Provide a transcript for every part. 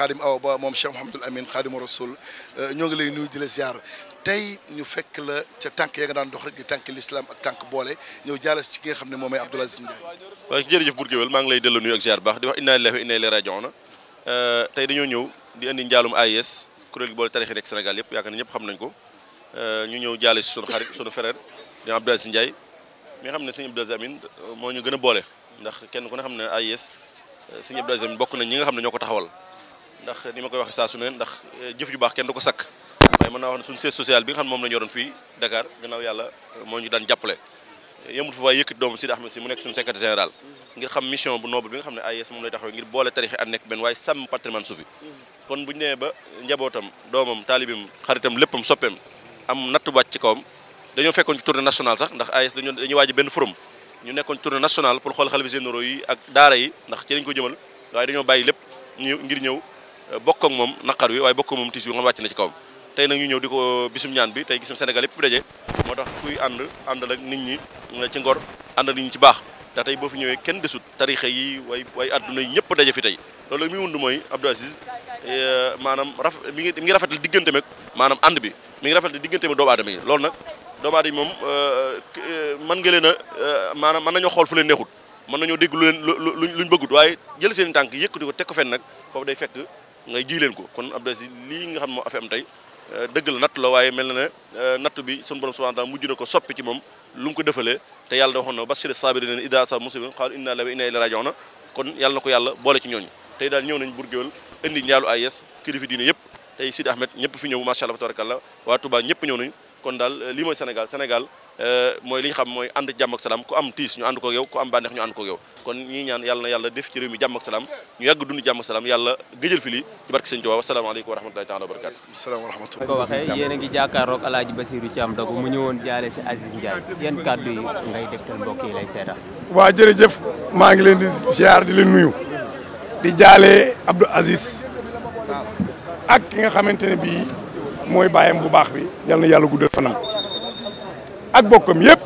xaadim moom Cheikh Mouhamadul Amin xaadimu rasul euh, ñoo ngi lay nuyu di la ziar tey ñu fekk la ca tànk ya nga daan dox rek di tànk lislaam ak tànk boole ñëw jaalas si ki nga xam ne moom mooy Abdoul Aziz Ndiaye. waaw jërëjëf Bour maa ngi lay delloo nuyu ak ziar baax di wax inna lillahi wa inna ilayhi raji'un euh, tey ñëw di kuréel gi boole tarix yi nekk Sénégal yëpp yaakaar na ñëpp xam nañ ko euh, ñu ñëw jaale si sunu xarit sunu frère di Abdoul Aziz Ndiaye mi xam ne sëñ Abdoul Amin moo ñu gën a boole ndax kenn ku ne xam ne AIS sëñ Abdoul Aziz Amin bokk nañ ñi nga xam ne ñoo ko taxawal ndax ni ma koy waxee saa su ne ndax euh, jëf ju baax kenn du ko sakk waaye mën naa wax ne suñu siège social bi nga xam moom la ñu yoroon fii Dakar gannaaw yàlla euh, moo ñu daan jàppale yëmul fa waaye yëkkati doomu Sidi Ahmed si mu nekk suñu secrétaire général ngir xam mission bu noble bi nga xam ne AIS moom lay taxawee ngir boole tarixi ak nekk benn waaye sàmm patrimoine suufi kon bu ñu nee ba njabootam doomam taalibim xaritam léppam soppeem am natt wàcc ci kawam dañoo fekkoon ci tournée sax ndax AIS dañu dañuy waaj benn forum ñu nekkoon ci tournée nationale xool xalifa généraux yi ak daara yi ndax ci lañ ko jëmal waaye dañoo bàyyi lépp ngir ñëw bokk ak moom naqar wi waaye bokk ak moom tiis bi nga xam wàcc na ci kawam tey nag ñu ñëw di ko bisum ñaan bi tey gis na Sénégal yëpp fi daje moo tax kuy ànd àndal ak nit ñi ci ngor ànd nit ñi ci baax te tey boo fi ñëwee kenn desut tarixe yi way way adduna yi ñëpp daje fi tey loolu mi wund mooy Abdou Aziz eh, maanaam raf mi ngi mi ngi rafetal diggante meg maanaam ànd bi mi ngi rafetal diggante meg doomu aadama yi loolu nag doomu aadama yi moom eh, mën nga leen a eh, maanaam mën nañoo xool fu leen neexut mën nañoo dégg lu leen lu luñ bëggut waaye jël seen tànk yëkkati ko teg ko fenn nag foofu day fekk ngay ji leen ko kon Abdou Aziz lii nga xam ne moo afe am tey euh, dëgg la natt la waaye mel na ne euh, natt bi sunu borom subhanahu mujj na ko soppi ci moom lu mu ko defalee te yàlla da waxoon na bashiri saabiriin idaa asaabahum musiibatun qaalu innaa lillaahi wa innaa ilayhi raaji'uun kon yàlla na ko yàlla boole ci ñooñu tey daal ñëw nañ Buur indi njaalu ay yes kilifa diine yëpp tey Sidi Ahmed ñëpp fi ñëw macha allah tabarakallah waa Touba ñëpp ñëw nañ kon daal euh, lii mooy Sénégal Sénégal euh, mooy li xam mooy ànd jàmm ak salaam ku am tiis ñu ànd ko yow ku am bànneex ñu ànd ko yow kon ñii ñaan yàlla na yàlla def ci réew mi jàmm ak salaam ñu yàgg dund jàmm ak salaam yàlla gëjël fi lii ci barke sëñ Tuubaa wasalaamaaleykum wa rahmatulahi a ngi ngay deftal mbokk yi lay seetaan waa jërëjëf maa ngi leen di ziar di leen nuyu di jaale Abdou Aziz ak nga xamante bii mooy bàyyam bu baax bi yal na yàlla guddal fanam ak bokkam yëpp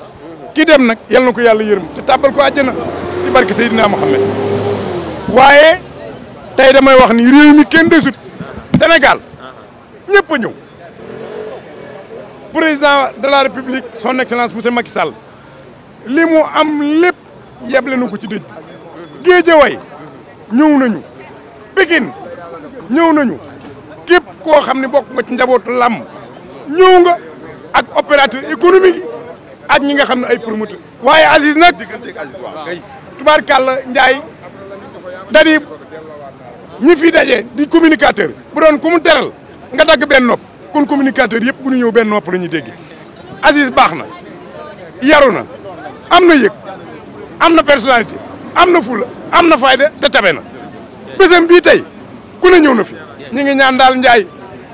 ki dem nag yal na ko yàlla yërëm te tàbbal ko àjjana ci barke Seydina Mohamed waaye tey damay wax ni réew mi kenn desut Sénégal ñëpp a ñëw président de la république son excellence monsieur Macky Sall li mu am lépp yeble na ko ci dëj bi Géejawaay ñëw nañu Pikine ñëw nañu képp koo xam ne bokk nga ci njabootu làmm ñëw nga ak opérateur économique yi ak ñi nga xam ne ay promoteur waaye Aziz nag tubaarkàlla njaay dadi ñi fi daje di communicateur bu doon ku mu teral nga dagg benn nopp kon communicateur yëpp bu ñu ñëw benn nopp la ñuy dégg Aziz baax na yaru na am na yëg am na personnalité am na fula am na fayda te tabe na bésam bii tey ku ne ñëw na fi ñi ngi ñaan daal njaay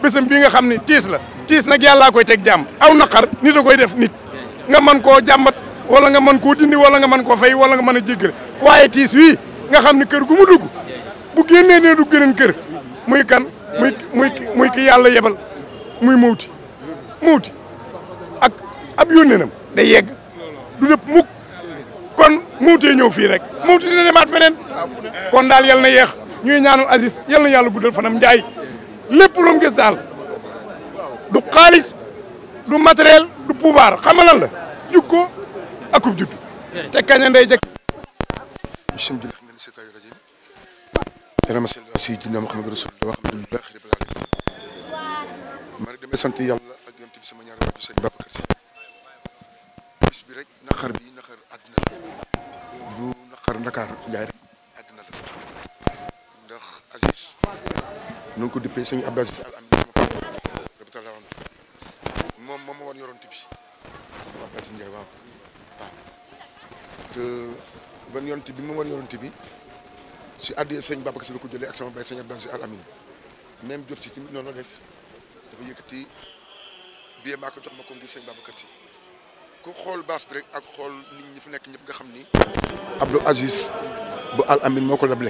bésam bi nga xam ne tiis la tiis nag yàllaa koy teg jàmm aw naqar nit a koy def nit nga man koo jàmbat wala nga mën koo dindi wala nga man koo fay wala nga mën a jéggale waaye tiis wii nga xam ne kër gu mu dugg bu génnee nee du gëneen kër muy kan muy muy muy ki yàlla yebal muy mawti mawti ak ab yónneenam day yegg du dëpp mukk kon mawtee ñëw fii rek mawti dina demaat feneen kon daal yal na yeex ñuy ñaan Aziz yal na yàlla guddal fanam Ndiaye lépp lu mu gis daal du xaalis du matériel du pouvoir xam nga lan la jukko akub judd te kañ ndey jëkk bismillah min seytaani rajim yàlla ma sell ala sayyidina Muhammad rasulullah alhamdulillah rabbil alamin ma rek damay sant yàlla ak yonent bi sama ñaari waajur sëñ Babacar Si bis bi rek naqar bi naqar àddina du naqar Ndakaar Njaay rek nu ngi ko dippee sëñ Abdou Aziz Al Amin sama papa rëbital la woon moom moom ma woon yoroon tibb Abdou Aziz Ndiaye te ban yoon bi ma woon yoroon bi si àddee sëñ Babacar si la ko jëlee ak sama bay sëñ Abdou Aziz Al Amin même jot si tamit noonu la def dafa yëkkati biyee maa ko jox ma ko ngir sëñ Babacar si ku xool baas bi rek ak xool nit ñi fi nekk ñëpp nga xam Abdou Aziz bu Al Amin moo ko leble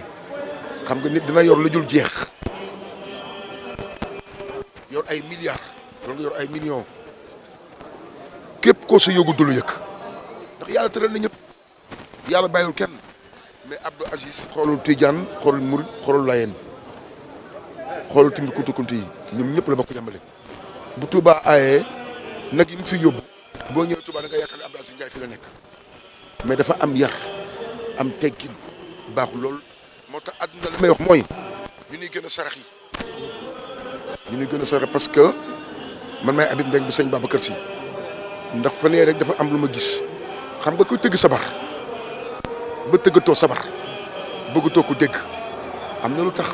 xam nga nit dina yor lu jul jeex yor ay milliards wala nga yor ay millions képp koo sa yógu du yëg ndax yàlla tëral na ñëpp yàlla bàyyiwul kenn mais Abdou Aziz xoolul Tidiane xoolul Mouride xoolul Layeen xoolul tamit kuntu kuntu yi ñoom ñëpp la ma ko jàmbale bu Touba aayee nag yi mu fi yóbbu boo ñëwee Touba da nga yaakaar ne Abdou Aziz Ndiaye fi la nekk mais dafa am yar am teggin baaxul lool moo tax àdduna la may wax mooy ñu nuy gën a sarax yi ñu ngi gën a sore parce que man maay Habib Mbengue bu sëñ Babacar Sy ndax fa nee rek dafa am lu ma gis xam nga koy tëgg sabar ba tëggatoo sabar bëggatoo ku dégg am na lu tax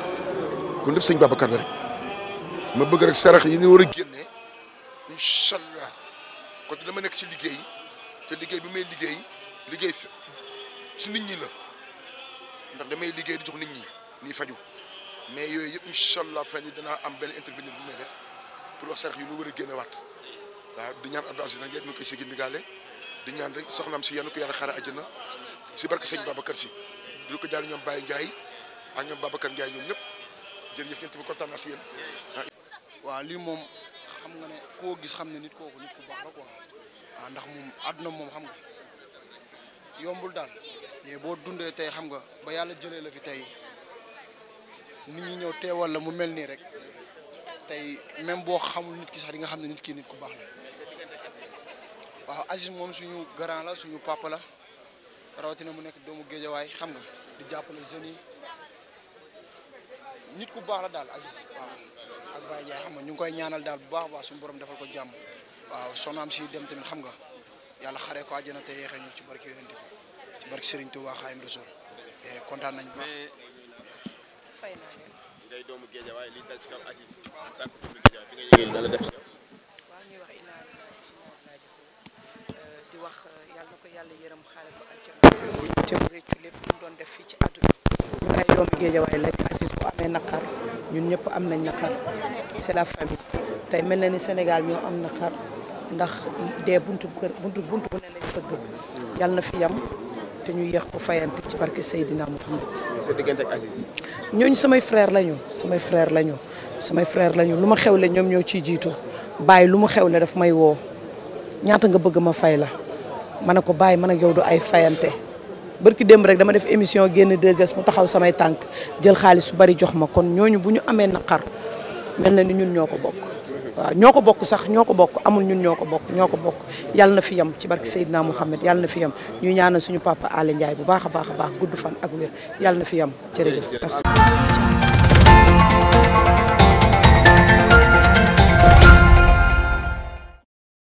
kon lépp sëñ Babacar la rek ma bëgg rek sarax yi ni war a génne incha allah kon dama nekk si liggéey te liggéey bi may liggéey liggéey si nit ñi la ndax damay liggéey di nit ñi nii faju mais yooyu yëpp incha allah fan yi danaa am benn bi bu may def pour wax sarax yu ñu war a génne waat waaw du ñaan Abdou Aziz Ndiaye ñu koy sigi ndigaale di ñaan rek soxnaam si yàlla ko yàlla xara àjjana si barke sëñ Babacar si ko jàll ñoom Baye Ndiaye ak ñoom Babacar Ndiaye ñoom ñëpp jërëjëf ñun tamit kontaan naa si yéen. waaw lii moom xam nga ne koo gis xam ne nit kooku nit ku baax la quoi ndax moom àdduna moom xam nga yombul daal mais boo dundee tey xam nga ba yàlla jëlee la fi tey. nit ñi ñëw teewal la mu mel nii rek tey même boo xamul nit ki sax di nga xam ne nit ki nit ku baax la waaw Aziz moom suñu grand la suñu pàpp la rawatina mu nekk doomu géejawaay xam nga di jàppale jeunes yi nit ku baax la daal Aziz waaw ak Baye Ndiaye xam nga ñu ngi koy ñaanal daal bu baax a baax suñu borom defal ko jàmm waaw sonaam si dem tamit xam nga yàlla xaree ko àjjana te yeexee ñu ci barke yonent bi ci barke Serigne Touba Xaadimu Rasuul eh, kontaan nañ fay naa leen. ngay doomu ci kaw Aziz en tant que doomu géej ñuy wax inna euh, di wax euh, yàlla na ko yàlla yërëm xaare ko lépp lu doon def fii ci àdduna ñun ay doomu géej waaye lañ bu amee naqar ñun ñépp am nañ naqar c'est la famille tey mel na ni senegal ñoo am naqar ndax dee buntu kër buntu bu ne lay fëgg yàlla na fi yam. te ñu yéex ko fayante ci barke Seydina Muhammad. sa diggante ak Aziz. ñooñu samay frère lañu samay frère lañu samay frère lañu lu ma xew xewle ñoom ñoo ciy jiitu bàyyi lu mu xew xewle daf may woo ñaata nga bëgg ma fay la ma ne ko bàyyi man a yow du ay fayante barki démb rek dama def émission génn 2S mu taxaw samay tànk jël xaalis su bari jox ma kon ñooñu bu ñu amee naqar. mel na ni ñun ñoo ko bokk waaw ñoo ko bokk sax ñoo ko bokk amul ñun ñoo ko bokk ñoo ko bokk yàlla na fi yem ci barke Seydina Mouhamed yàlla na fi yem ñu ñaanal suñu papa ale njaay bu baax a baax a baax gudd fan ak wér yàlla na fi yem jërëjëf merci